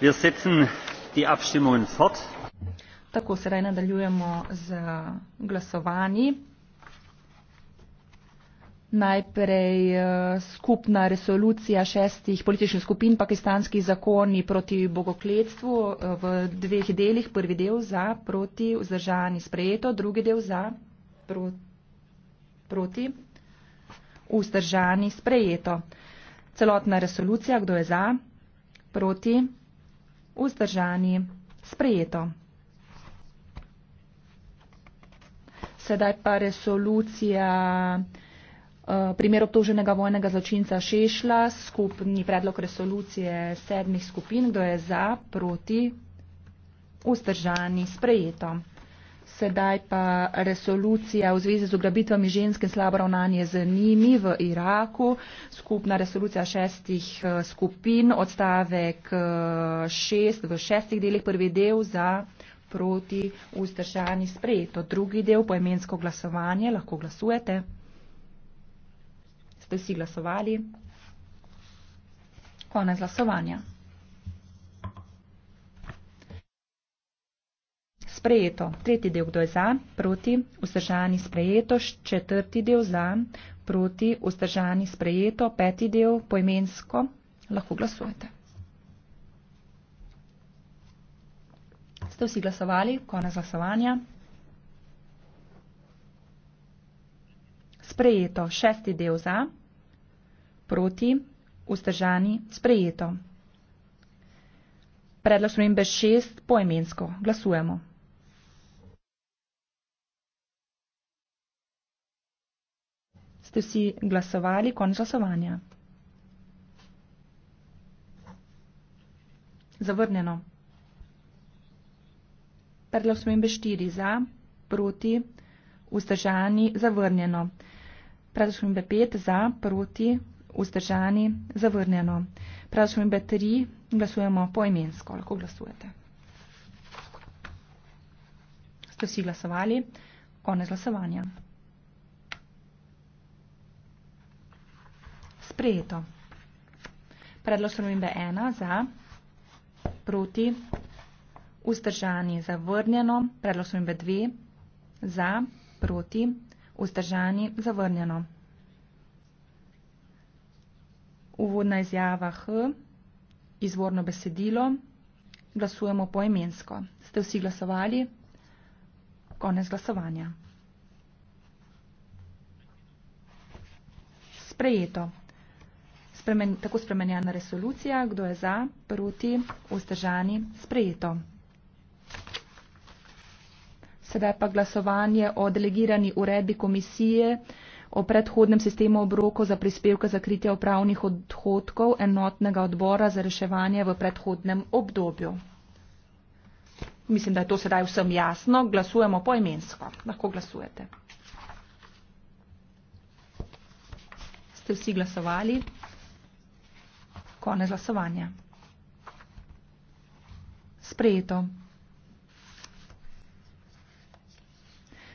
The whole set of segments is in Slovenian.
wir setzen die abstimmungen fort tako sedaj nadaljujemo z glasovanji najprej eh, skupna resolucija šestih političnih skupin pakistanskih zakoni proti bogokletstvu eh, v dveh delih prvi del za proti vzdržani sprejeto drugi del za pro, proti vzdržani sprejeto celotna resolucija, kdo je za, proti, vzdržani, sprejeto. Sedaj pa resolucija eh, primer obtoženega vojnega zločinca Šešla, skupni predlog resolucije sedmih skupin, kdo je za, proti, vzdržani, sprejeto sedaj pa resolucija v zvezi z ugrabitvami žensk in slabo ravnanje z njimi v Iraku, skupna resolucija šestih eh, skupin, odstavek eh, šest v šestih delih, prvi del za proti ustršani sprejeto, drugi del poemensko glasovanje, lahko glasujete. Ste vsi glasovali? Konec glasovanja. sprejeto. Tretji del, kdo je za, proti, vzdržani sprejeto, četrti del za, proti, vzdržani sprejeto, peti del, poimensko, lahko glasujete. Ste vsi glasovali, konec glasovanja. Sprejeto, šesti del za, proti, vzdržani sprejeto. Predlog spremembe šest poimensko. Glasujemo. ste vsi glasovali, konec glasovanja. Zavrnjeno. Predlog spremembe 4 za, proti, vzdržani, zavrnjeno. Predlog spremembe 5 za, proti, vzdržani, zavrnjeno. Predlog spremembe 3 glasujemo poimensko, lahko glasujete. Ste vsi glasovali, konec glasovanja. sprejeto. Predlog spremembe ena za, proti, vzdržani zavrnjeno, predlog spremembe dve za, proti, vzdržani zavrnjeno. Uvodna izjava H, izvorno besedilo, glasujemo poimensko. Ste vsi glasovali? Konec glasovanja. Sprejeto spremen, tako spremenjena resolucija. Kdo je za, proti, vzdržani, sprejeto. Sedaj pa glasovanje o delegirani uredbi komisije o predhodnem sistemu obroko za prispevke za kritje upravnih odhodkov enotnega odbora za reševanje v predhodnem obdobju. Mislim, da je to sedaj vsem jasno. Glasujemo poimensko. Lahko glasujete. Ste vsi glasovali? Konec glasovanja. Sprejeto.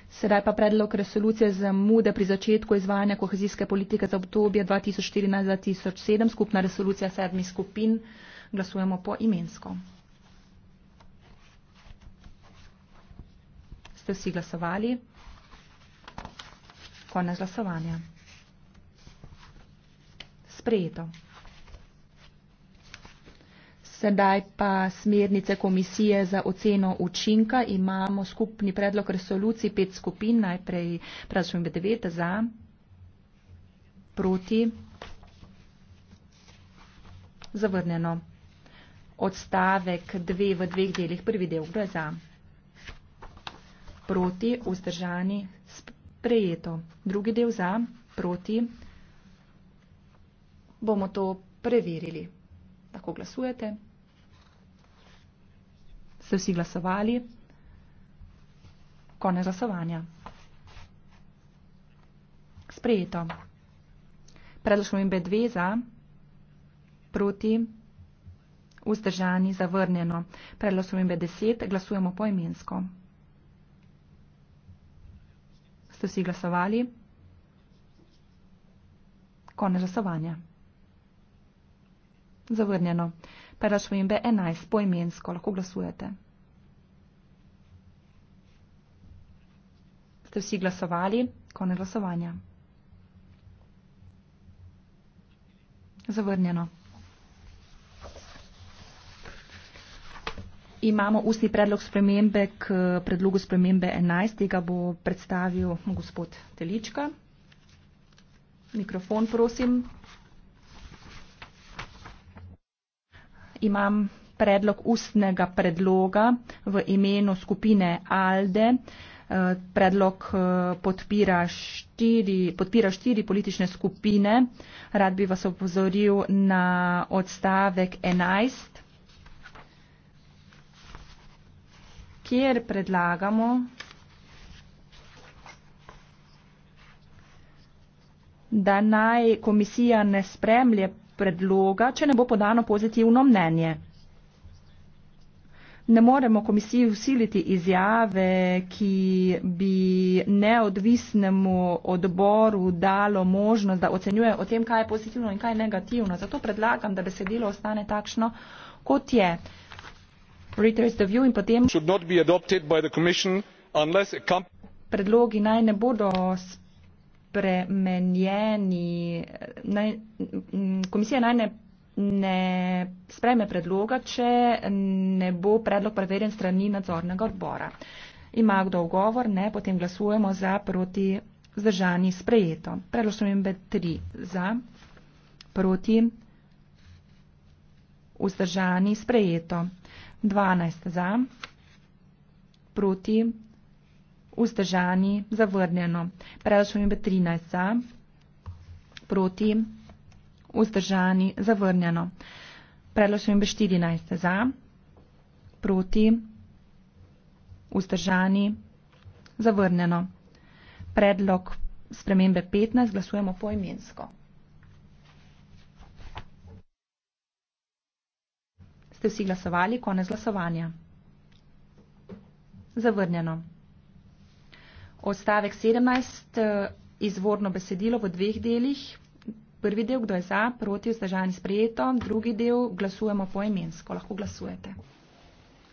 Sedaj pa predlog resolucije za mude pri začetku izvajanja kohezijske politike za obdobje 2014-2007, skupna resolucija sedmi skupin. Glasujemo po imensko. Ste vsi glasovali? Konec glasovanja. Sprejeto. Sedaj pa smernice komisije za oceno učinka. Imamo skupni predlog resolucij pet skupin. Najprej prašujem devet za, proti, zavrnjeno. Odstavek dve v dveh delih. Prvi del, kdo je za? Proti, vzdržani, sprejeto. Drugi del za, proti. Bomo to preverili. Lahko glasujete. Ste vsi glasovali? Konec glasovanja. Sprejeto. Predlog šumimbe 2 za, proti, vzdržani, zavrnjeno. Predlog šumimbe 10, glasujemo poimensko. Ste vsi glasovali? Konec glasovanja. Zavrnjeno. Parašvim B11 poimensko. Lahko glasujete. Ste vsi glasovali? Kone glasovanja. Zavrnjeno. Imamo ustni predlog spremembe k predlogu spremembe 11. Tega bo predstavil gospod Telička. Mikrofon, prosim. imam predlog ustnega predloga v imenu skupine ALDE. Eh, predlog eh, podpira štiri, podpira štiri politične skupine. Rad bi vas opozoril na odstavek 11, kjer predlagamo, da naj komisija ne spremlje predloga, če ne bo podano pozitivno mnenje. Ne moremo komisiji usiliti izjave, ki bi neodvisnemu odboru dalo možnost, da ocenjuje o tem, kaj je pozitivno in kaj je negativno. Zato predlagam, da besedilo ostane takšno, kot je. Reuters the view in potem predlogi naj ne bodo sprejeti spremenjeni, naj, komisija naj ne, ne spreme predloga, če ne bo predlog preverjen strani nadzornega odbora. Ima kdo ogovor, ne, potem glasujemo za proti zdržani sprejeto. Predlog spremembe 3 za proti vzdržani sprejeto. 12 za proti vzdržani, zavrnjeno. Preračun je bil 13 za, proti, vzdržani, zavrnjeno. Preračun je bil 14 za, proti, vzdržani, zavrnjeno. Predlog spremembe 15 glasujemo poimensko. Ste vsi glasovali? Konec glasovanja. Zavrnjeno. Odstavek 17, eh, izvorno besedilo v dveh delih. Prvi del, kdo je za, proti, vzdržani sprejeto. Drugi del, glasujemo poimensko. Lahko glasujete.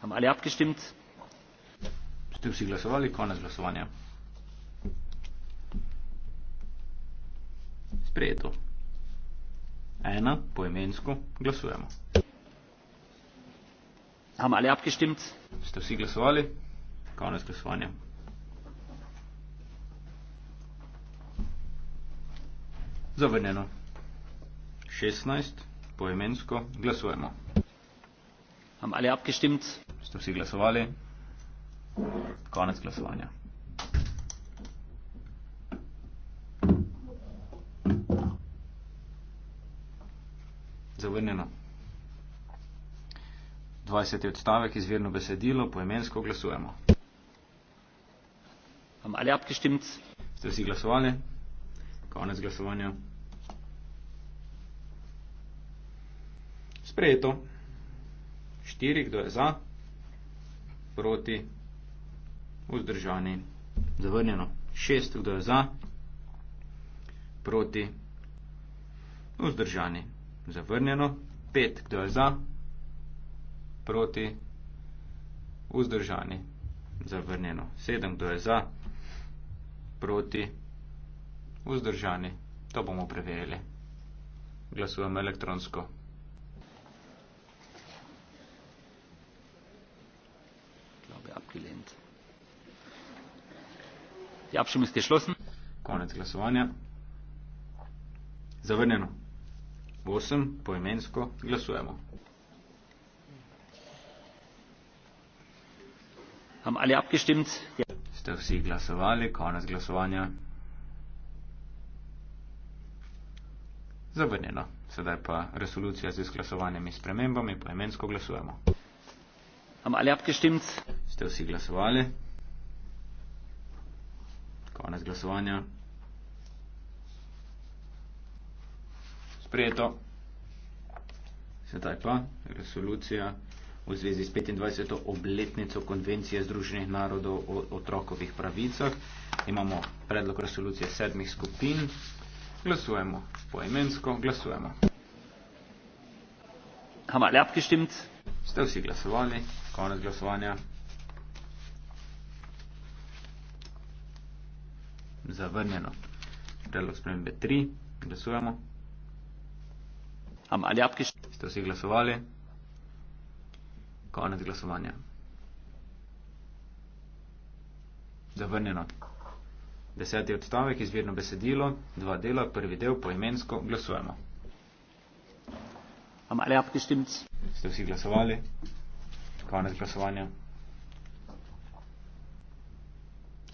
Ali abgestimt? Ste vsi glasovali? Konec glasovanja. Sprejeto. Ena, poimensko, glasujemo. Ali abgestimt? Ste vsi glasovali? Konec glasovanja. Zavrnjeno. 16. Poemensko glasujemo. Am alle abgestimmt? Ste vsi glasovali? Konec glasovanja. Zavrnjeno. 20. odstavek izvirno besedilo, poemensko glasujemo. Am alle abgestimmt? Ste vsi glasovali? Konec glasovanja. Sprejeto. Štiri, kdo je za, proti, vzdržani. Zavrnjeno. Šest, kdo je za, proti, vzdržani. Zavrnjeno. Pet, kdo je za, proti, vzdržani. Zavrnjeno. Sedem, kdo je za, proti, vzdržani vzdržani, to bomo preverili. Glasujem elektronsko. Konec glasovanja. Zavrnjeno. Osem poimensko glasujemo. Ste vsi glasovali? Konec glasovanja. Zavrnjeno. Sedaj pa resolucija z izglasovanimi spremembami, poemensko glasujemo. Ste vsi glasovali? Konec glasovanja. Sprejeto. Sedaj pa resolucija v zvezi s 25. obletnico konvencije Združenih narodov o otrokovih pravicah. Imamo predlog resolucije sedmih skupin. Glasujemo. Poimensko glasujemo. Ste vsi glasovali? Konec glasovanja. Zavrnjeno. Predlog spremembe 3. Glasujemo. Ste vsi glasovali? Konec glasovanja. Zavrnjeno. Deseti odstavek, izvirno besedilo, dva dela, prvi del, poimensko, glasujemo. Ste vsi glasovali? Konec glasovanja.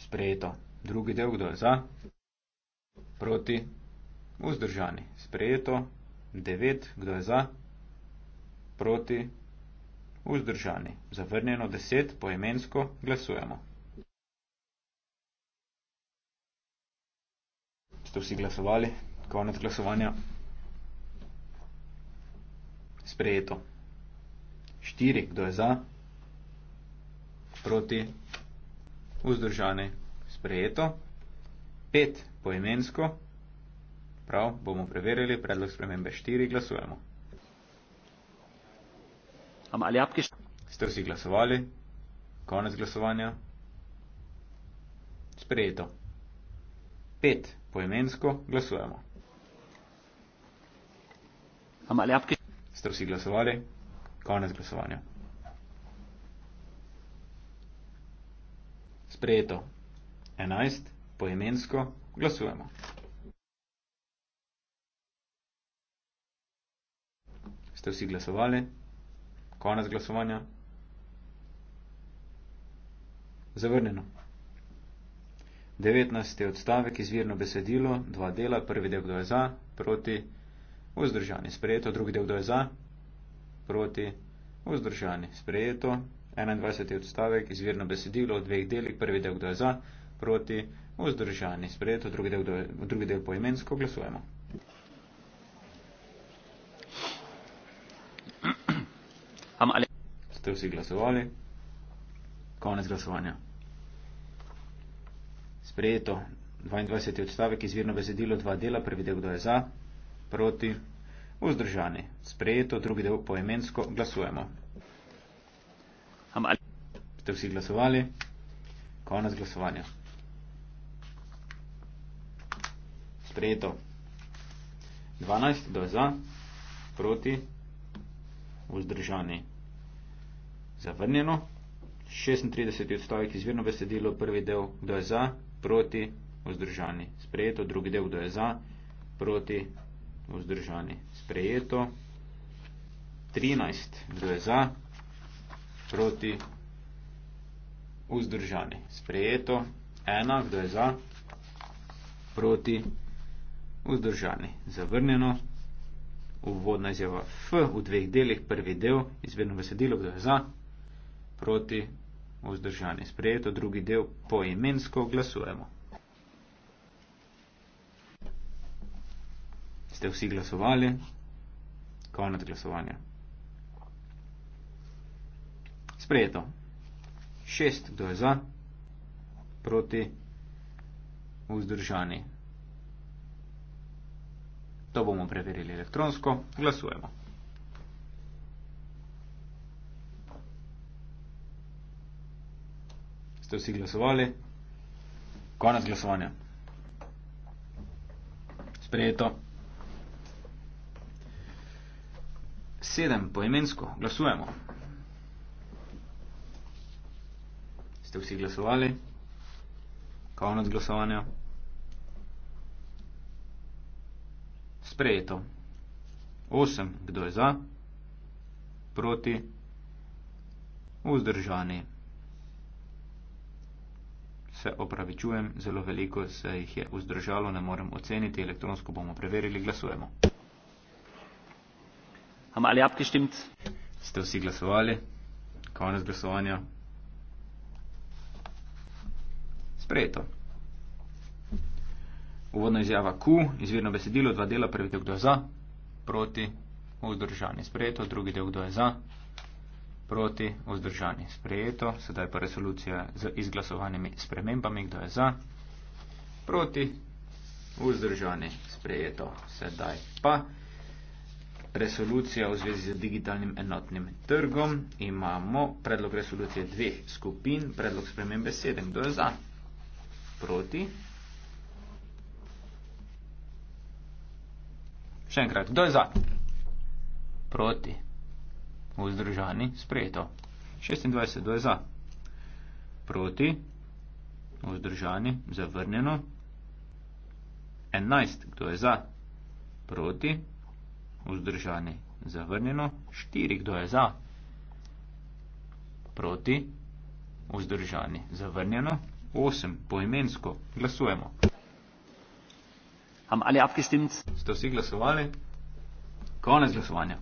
Sprejeto. Drugi del, kdo je za? Proti. Vzdržani. Sprejeto. Devet, kdo je za? Proti. Vzdržani. Zavrnjeno deset, poimensko, glasujemo. ste vsi glasovali, konec glasovanja. Sprejeto. Štiri, kdo je za, proti, vzdržani, sprejeto. Pet, poimensko, prav, bomo preverili, predlog spremembe štiri, glasujemo. Ali apke še? Ste vsi glasovali, konec glasovanja, sprejeto. 5 poimensko glasujemo. Ste vsi glasovali? Konec glasovanja. Sprejeto. 11 poimensko glasujemo. Ste vsi glasovali? Konec glasovanja. Zavrnjeno. 19. odstavek izvirno besedilo, dva dela, prvi del kdo je za, proti, vzdržani, sprejeto, drugi del kdo je za, proti, vzdržani, sprejeto, 21. odstavek izvirno besedilo, dveh delih, prvi del kdo je za, proti, vzdržani, sprejeto, drugi del, je, drugi del poimensko glasujemo. Ste vsi glasovali? Konec glasovanja sprejeto 22. odstavek izvirno besedilo dva dela, prvi del kdo je za, proti, vzdržani, sprejeto, drugi del poemensko, glasujemo. Amal. Ste vsi glasovali? Konec glasovanja. Sprejeto. 12. kdo je za, proti, vzdržani. Zavrnjeno. 36. odstavek izvirno besedilo, prvi del, kdo je za, proti, vzdržani, sprejeto, drugi del, kdo je za, proti, vzdržani, sprejeto, 13, kdo je za, proti, vzdržani, sprejeto, 1, kdo je za, proti, vzdržani, zavrnjeno, uvodna izjava F v dveh delih, prvi del, izvedno besedilo, kdo je za, proti, vzdržani, vzdržan je sprejeto, drugi del poimensko glasujemo. Ste vsi glasovali? Konec glasovanja. Sprejeto. Šest, kdo je za, proti, vzdržani. To bomo preverili elektronsko. Glasujemo. ste vsi glasovali. Konec glasovanja. Sprejeto. Sedem poimensko glasujemo. Ste vsi glasovali? Konec glasovanja. Sprejeto. Osem, kdo je za? Proti? Vzdržani se opravičujem, zelo veliko se jih je vzdržalo, ne morem oceniti, elektronsko bomo preverili, glasujemo. Ste vsi glasovali? Konec glasovanja. Sprejeto. Uvodna izjava Q, izvirno besedilo, dva dela, prvi del kdo je za, proti, vzdržanje. Sprejeto, drugi del kdo je za proti, vzdržani, sprejeto, sedaj pa resolucija z izglasovanimi spremembami, kdo je za, proti, vzdržani, sprejeto, sedaj pa. Resolucija v zvezi z digitalnim enotnim trgom. Imamo predlog resolucije dveh skupin, predlog spremembe sedem. Kdo je za? Proti? Še enkrat, kdo je za? Proti vzdržani, sprejeto. 26, 2 je za. Proti, vzdržani, zavrnjeno. 11, kdo je za? Proti, vzdržani, zavrnjeno. 4, kdo je za? Proti, vzdržani, zavrnjeno. 8, poimensko, glasujemo. Ste vsi glasovali? Konec glasovanja.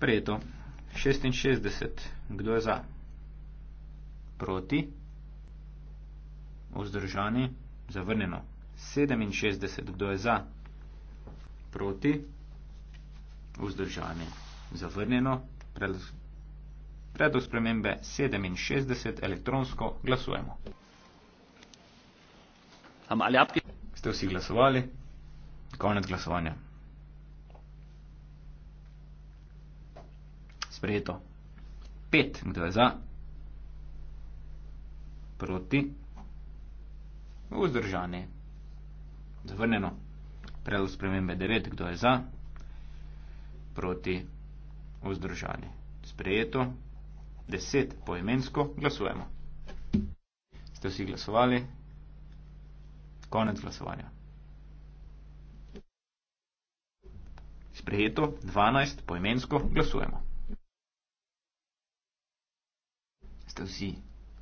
sprejeto. 66. Kdo je za? Proti? Ozdržani? Zavrnjeno. 67. Kdo je za? Proti? Vzdržani. Zavrnjeno. Predlog spremembe 67 elektronsko glasujemo. Ste vsi glasovali? Konec glasovanja. sprejeto. Pet, kdo je za? Proti? Vzdržanje. Zavrnjeno. Predlog spremembe devet, kdo je za? Proti? Vzdržanje. Sprejeto. Deset, poimensko, glasujemo. Ste vsi glasovali? Konec glasovanja. Sprejeto, dvanajst, poimensko, glasujemo. ste vsi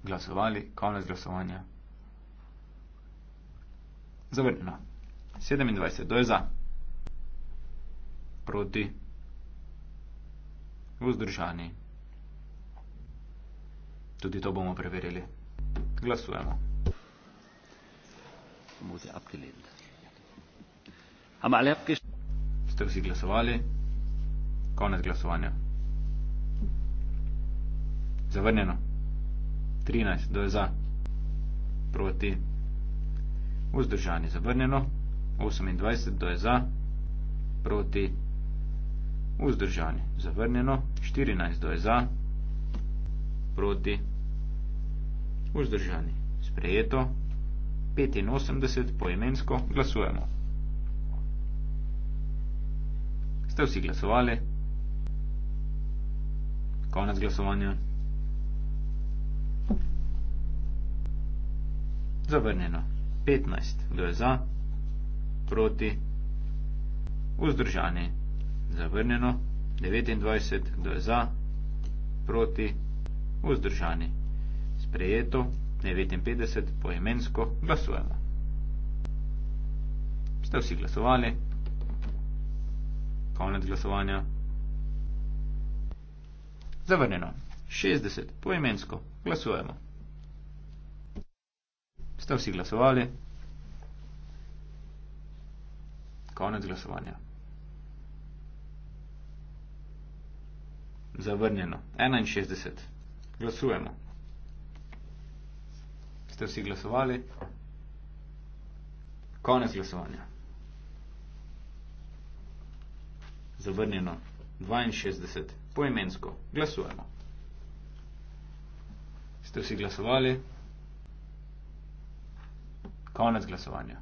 glasovali, konec glasovanja. Zavrnjeno. 27, kdo je za? Proti. Vzdržani. Tudi to bomo preverili. Glasujemo. Ste vsi glasovali? Konec glasovanja. Zavrnjeno. 13, kdo je za, proti, vzdržan je zavrnjeno, 28, kdo je za, proti, vzdržan je zavrnjeno, 14, kdo je za, proti, vzdržan je sprejeto, 85 poimensko glasujemo. Ste vsi glasovali? Konec glasovanja. Zavrnjeno. 15. Kdo je za? Proti. Vzdržani. Zavrnjeno. 29. Kdo je za? Proti. Vzdržani. Sprejeto. 59. Poimensko. Glasujemo. Ste vsi glasovali? Konec glasovanja. Zavrnjeno. 60. Poimensko. Glasujemo. Glasujemo. Ste vsi glasovali? Konec glasovanja. Zavrnjeno. 61. Glasujemo. Ste vsi glasovali? Konec glasovanja. Zavrnjeno. 62. Poimensko. Glasujemo. Ste vsi glasovali? Konec glasovanja.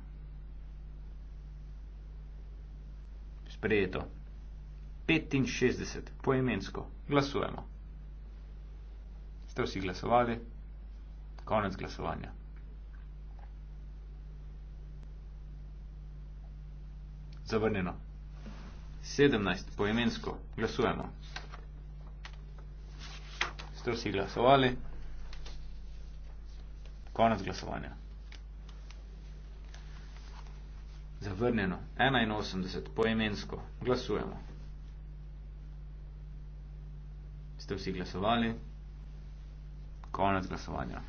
Sprejeto. 65, poimensko, glasujemo. Ste vsi glasovali? Konec glasovanja. Zavrnjeno. 17, poimensko, glasujemo. Ste vsi glasovali? Konec glasovanja. Zavrnjeno. 81, poemensko. Glasujemo. Ste vsi glasovali? Konec glasovanja.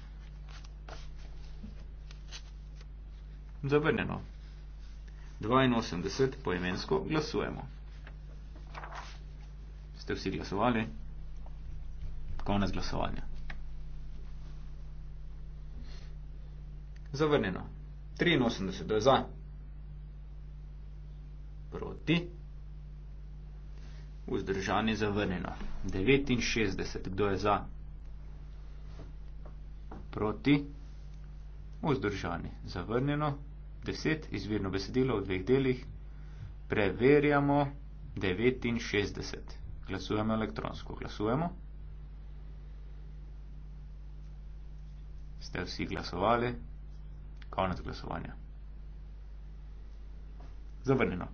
Zavrnjeno. 82, poemensko. Glasujemo. Ste vsi glasovali? Konec glasovanja. Zavrnjeno. 83, da je za proti. Vzdržanje zavrnjeno. 69. Kdo je za? Proti. Vzdržanje zavrnjeno. 10. Izvirno besedilo v dveh delih. Preverjamo. 69. Glasujemo elektronsko. Glasujemo. Ste vsi glasovali? Konec glasovanja. Zavrnjeno.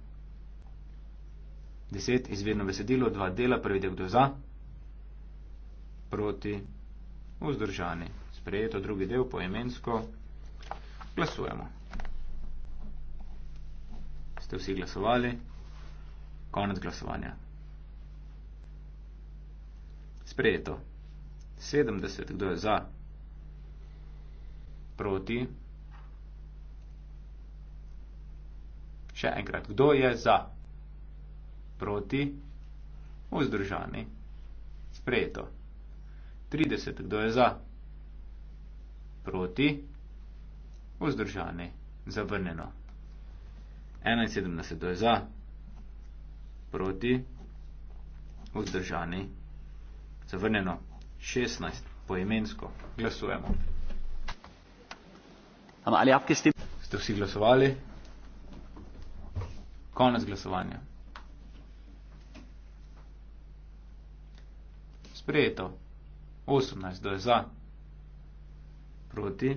10 izvirno besedilo, dva dela, prvi del kdo za, proti, vzdržani, sprejeto, drugi del poemensko, glasujemo. Ste vsi glasovali, konec glasovanja. Sprejeto. 70, kdo je za, proti. Še enkrat, kdo je za? proti, vzdržani, sprejeto. 30, kdo je za, proti, vzdržani, zavrnjeno. 71, kdo je za, proti, vzdržani, zavrnjeno. 16, poimensko, glasujemo. Ali abkisti? Ste vsi glasovali? Konec glasovanja. sprejeto. 18 do je za, proti,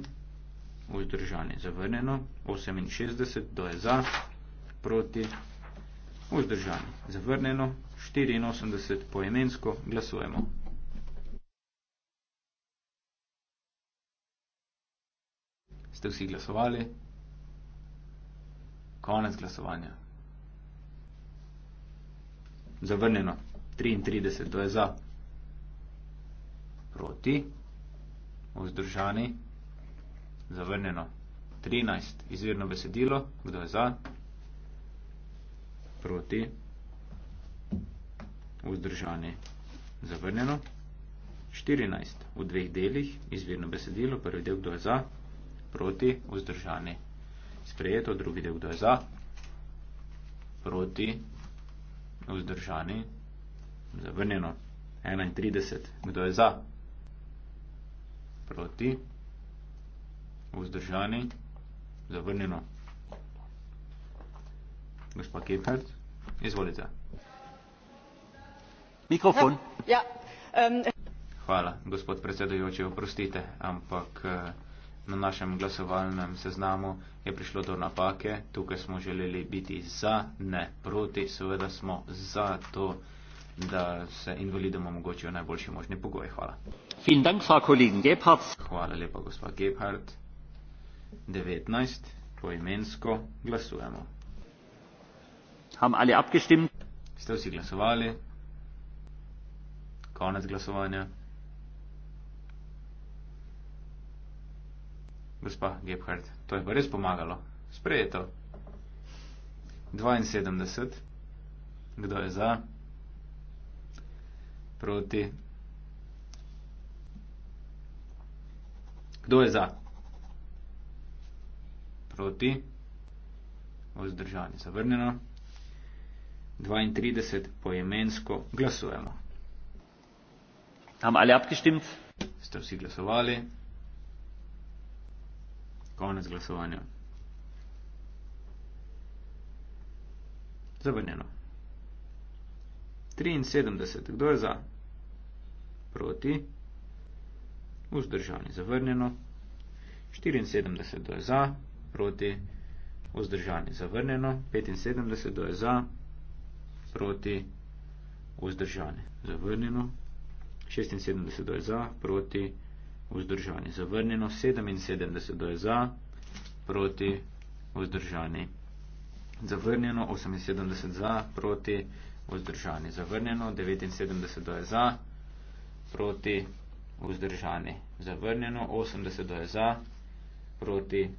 vzdržan je zavrnjeno. 68 do je za, proti, vzdržan je zavrnjeno. 84 poimensko glasujemo. Ste vsi glasovali? Konec glasovanja. Zavrnjeno. 33 do je za proti, vzdržani, zavrnjeno. 13. Izvirno besedilo, kdo je za, proti, vzdržani, zavrnjeno. 14. V dveh delih, izvirno besedilo, prvi del, kdo je za, proti, vzdržani, sprejeto, drugi del, kdo je za, proti, vzdržani, zavrnjeno. 31. Kdo je za? proti, vzdržani, zavrnjeno. Gospa Kephardt, izvolite. Mikrofon. Ja. ja Hvala, gospod predsedujoči, oprostite, ampak eh, na našem glasovalnem seznamu je prišlo do napake. Tukaj smo želeli biti za, ne proti, seveda smo za to da se invalidom omogočijo najboljše možne pogoje. Hvala. Hvala lepa, gospod Gebhardt. 19. Poimensko glasujemo. Ste vsi glasovali? Konec glasovanja. Gospa Gebhardt, to je pa res pomagalo. Sprejeto. 72. Kdo je za? proti. Kdo je za? Proti. Vzdržanje zavrnjeno. 32 poemensko glasujemo. Am ali abgestimt? Ste vsi glasovali? Konec glasovanja. Zavrnjeno. 73. Kdo je za? Proti. Vzdržani. Zavrnjeno. 74. Kdo je za? Proti. Vzdržani. Zavrnjeno. 75. Kdo je za? Proti. Vzdržani. Zavrnjeno. 76. Kdo je za? Proti. Vzdržani. Zavrnjeno. 77. Kdo je za? Proti. Vzdržani. Zavrnjeno. 78. Za. Proti. Vzdržani vzdržani. Zavrnjeno, 79 do je za, proti, vzdržani. Zavrnjeno, 80 do je za, proti,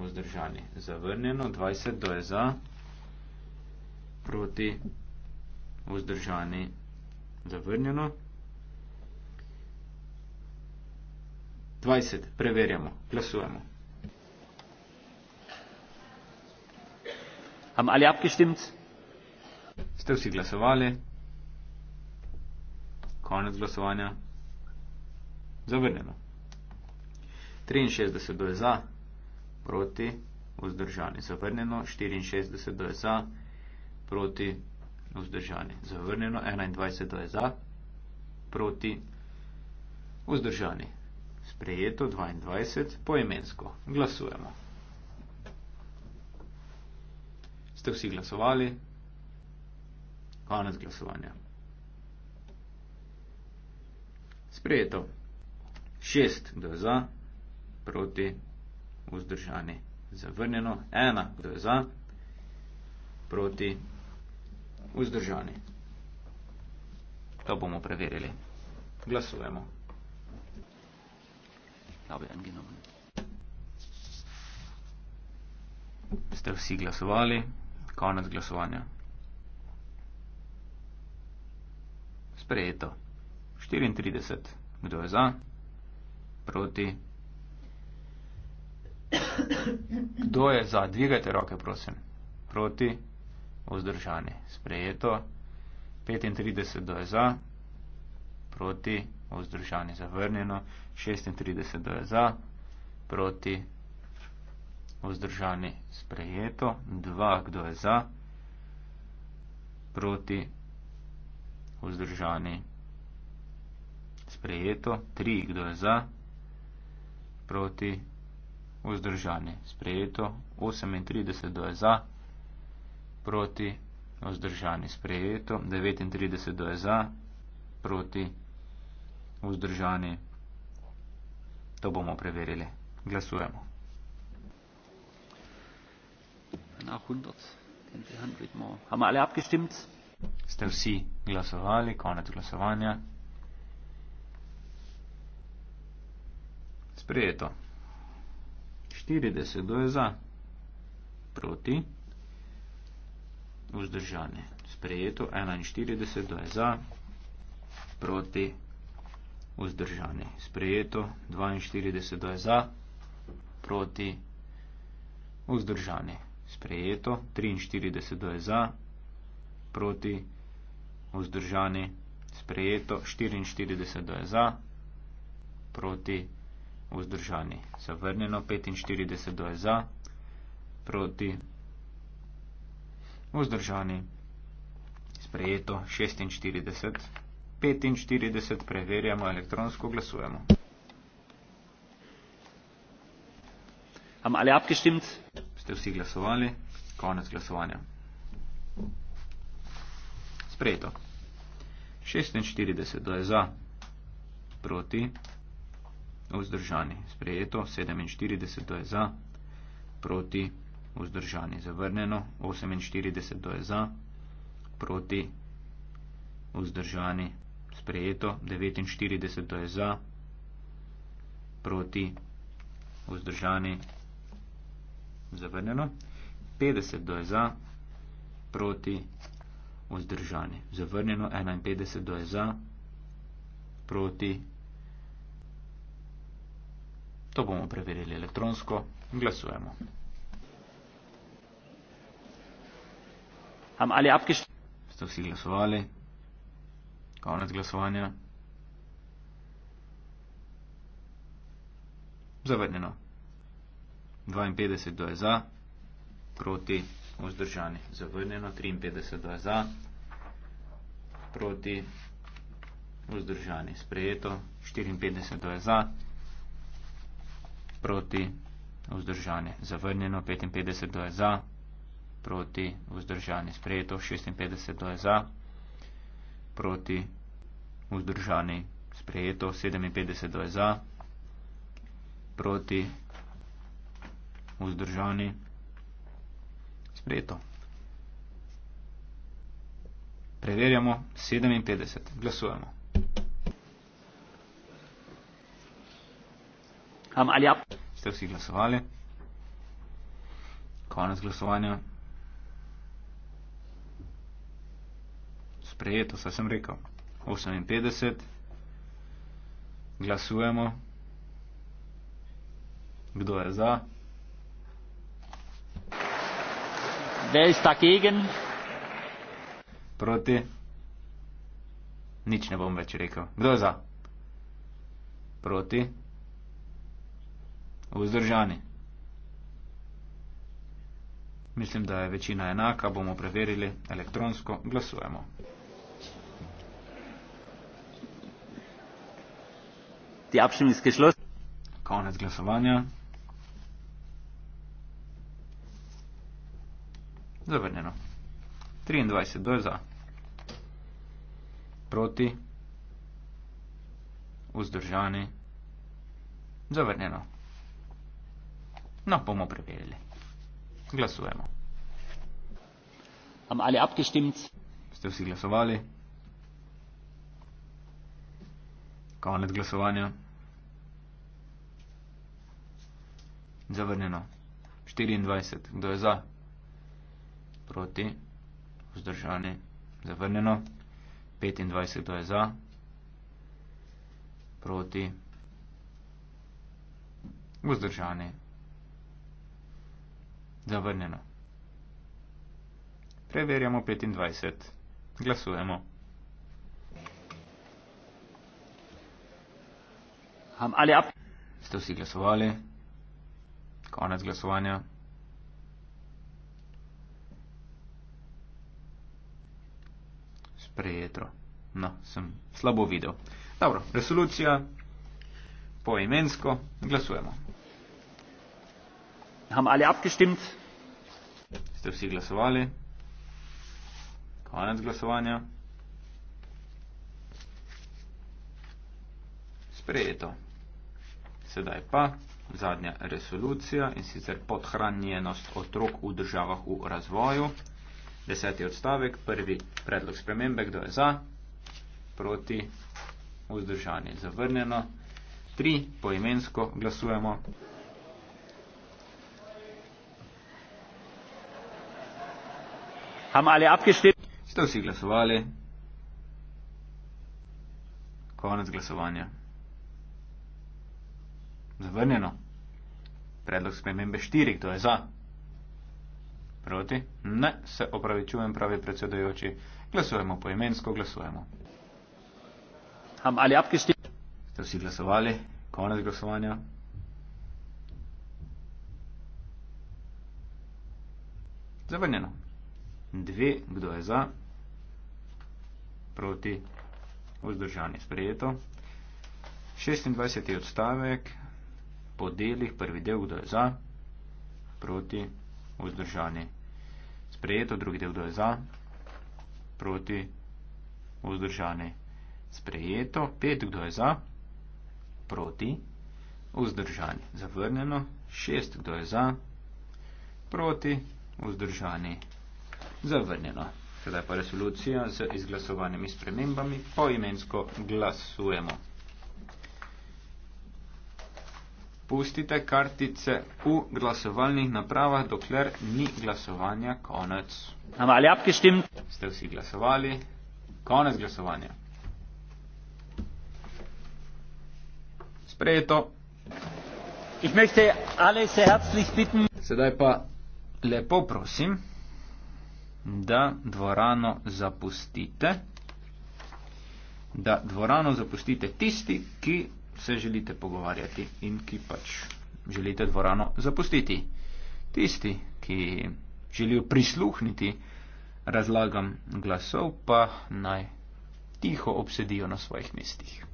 vzdržani. Zavrnjeno, 20 do je za, proti, vzdržani. Zavrnjeno. 20. Preverjamo. Glasujemo. Haben alle abgestimmt? ste vsi glasovali, konec glasovanja, zavrnjeno. 63 do je za, proti, vzdržani, zavrnjeno, 64 do je za, proti, vzdržani, zavrnjeno, 21 do je za, proti, vzdržani. Sprejeto 22, poemensko. Glasujemo. Ste vsi glasovali? Konec glasovanja. Sprejeto. Šest kdo je za, proti, vzdržani. Zavrnjeno. Ena kdo je za, proti, vzdržani. To bomo preverili. Glasujemo. Dobro, en genom. Ste vsi glasovali? Konec glasovanja. Sprejeto. 34. Kdo je za? Proti. Kdo je za? Dvigajte roke, prosim. Proti. Vzdržani. Sprejeto. 35. Kdo je za? Proti. Vzdržani. Zavrnjeno. 36. Kdo je za? Proti. Vzdržani. Sprejeto. 2. Kdo je za? Proti. Vzdržani vzdržani. Sprejeto. Tri, kdo je za, proti, vzdržani. Sprejeto. 38, kdo je za, proti, vzdržani. Sprejeto. 39, kdo je za, proti, vzdržani. To bomo preverili. Glasujemo. Na 100. Haben wir alle abgestimmt? ste vsi glasovali, konec glasovanja. Sprejeto. 40 do je za, proti, vzdržanje. Sprejeto. 41 do je za, proti, vzdržanje. Sprejeto. 42 do je za, proti, vzdržanje. Sprejeto. 43 do je za, proti, vzdržanje proti, vzdržani, sprejeto, 44 je za, proti, vzdržani, zavrnjeno, 45 je za, proti, vzdržani, sprejeto, 46, 45 preverjamo, elektronsko glasujemo. Ste vsi glasovali? Konec glasovanja. Thank you sprejeto. 46 je za, proti, vzdržani, sprejeto. 47 je za, proti, vzdržani, zavrneno. 48 je za, proti, vzdržani, sprejeto. 49 je za, proti, vzdržani, zavrneno. 50 je za, proti, vzdržani vzdržani. Zavrnjeno 51 do je za, proti. To bomo preverili elektronsko. Glasujemo. Ste vsi glasovali? Konec glasovanja. Zavrnjeno. 52 do je za, proti vzdržani. Zavrnjeno 53 za, proti vzdržani. Sprejeto 54 za, proti vzdržani. Zavrnjeno 55 za, proti vzdržani. Sprejeto 56 za, proti vzdržani. Sprejeto 57 za, proti vzdržani. Sprejeto 57 za, proti vzdržani sprejeto. Preverjamo 57. Glasujemo. Am ali ap. Ja? Ste vsi glasovali? Konec glasovanja. Sprejeto, saj sem rekel. 58. Glasujemo. Kdo je za? Wer ist dagegen? Proti. Nič ne bom več rekel. Kdo je za? Proti. Vzdržani. Mislim, da je večina enaka. Bomo preverili elektronsko. Glasujemo. Konec glasovanja. Zavrnjeno. 23, kdo je za? Proti. Vzdržani. Zavrnjeno. No, bomo preverili. Glasujemo. Am alle abgestimmt? Ste vsi glasovali? Konec glasovanja. Zavrnjeno. 24, kdo je za? proti, vzdržani, zavrnjeno, 25, kdo je za, proti, vzdržani, zavrnjeno. Preverjamo 25, glasujemo. Ste vsi glasovali? Konec glasovanja. prejetro. No, sem slabo videl. Dobro, resolucija poimensko glasujemo. Ham ali abgestimt? Ste vsi glasovali? Konec glasovanja. Sprejeto. Sedaj pa zadnja resolucija in sicer podhranjenost otrok v državah v razvoju deseti odstavek, prvi predlog spremembe, kdo je za, proti, vzdržani, zavrnjeno, tri poimensko glasujemo. Ham ali apkešti? Ste vsi glasovali? Konec glasovanja. Zavrnjeno. Predlog spremembe štiri, kdo je za? Proti? Ne, se opravičujem, pravi predsedujoči. Glasujemo poimensko, glasujemo. Ste vsi glasovali? Konec glasovanja. Zavrnjeno. Dve, kdo je za? Proti? Vzdržanje sprejeto. 26. odstavek. Po delih prvi del, kdo je za? Proti? Vzdržanje sprejeto sprejeto, drugi del, kdo je za, proti, vzdržani, sprejeto, pet, kdo je za, proti, vzdržani, zavrnjeno, šest, kdo je za, proti, vzdržani, zavrnjeno. Sedaj pa resolucija z izglasovanimi spremembami, poimensko glasujemo. pustite kartice v glasovalnih napravah, dokler ni glasovanja konec. Ste vsi glasovali? Konec glasovanja. Sprejeto. Sedaj pa lepo prosim, da dvorano zapustite, da dvorano zapustite tisti, ki se želite pogovarjati in ki pač želite dvorano zapustiti. Tisti, ki želijo prisluhniti razlagam glasov, pa naj tiho obsedijo na svojih mestih.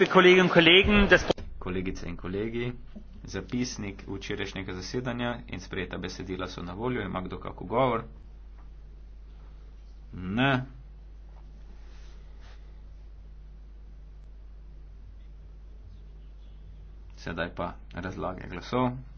liebe Kolleginnen und Kollegen, das Kolegice in kolegi, zapisnik včerajšnjega zasedanja in sprejeta besedila so na voljo. Ima kdo kakšen govor? Ne. Sedaj pa razlage glasov.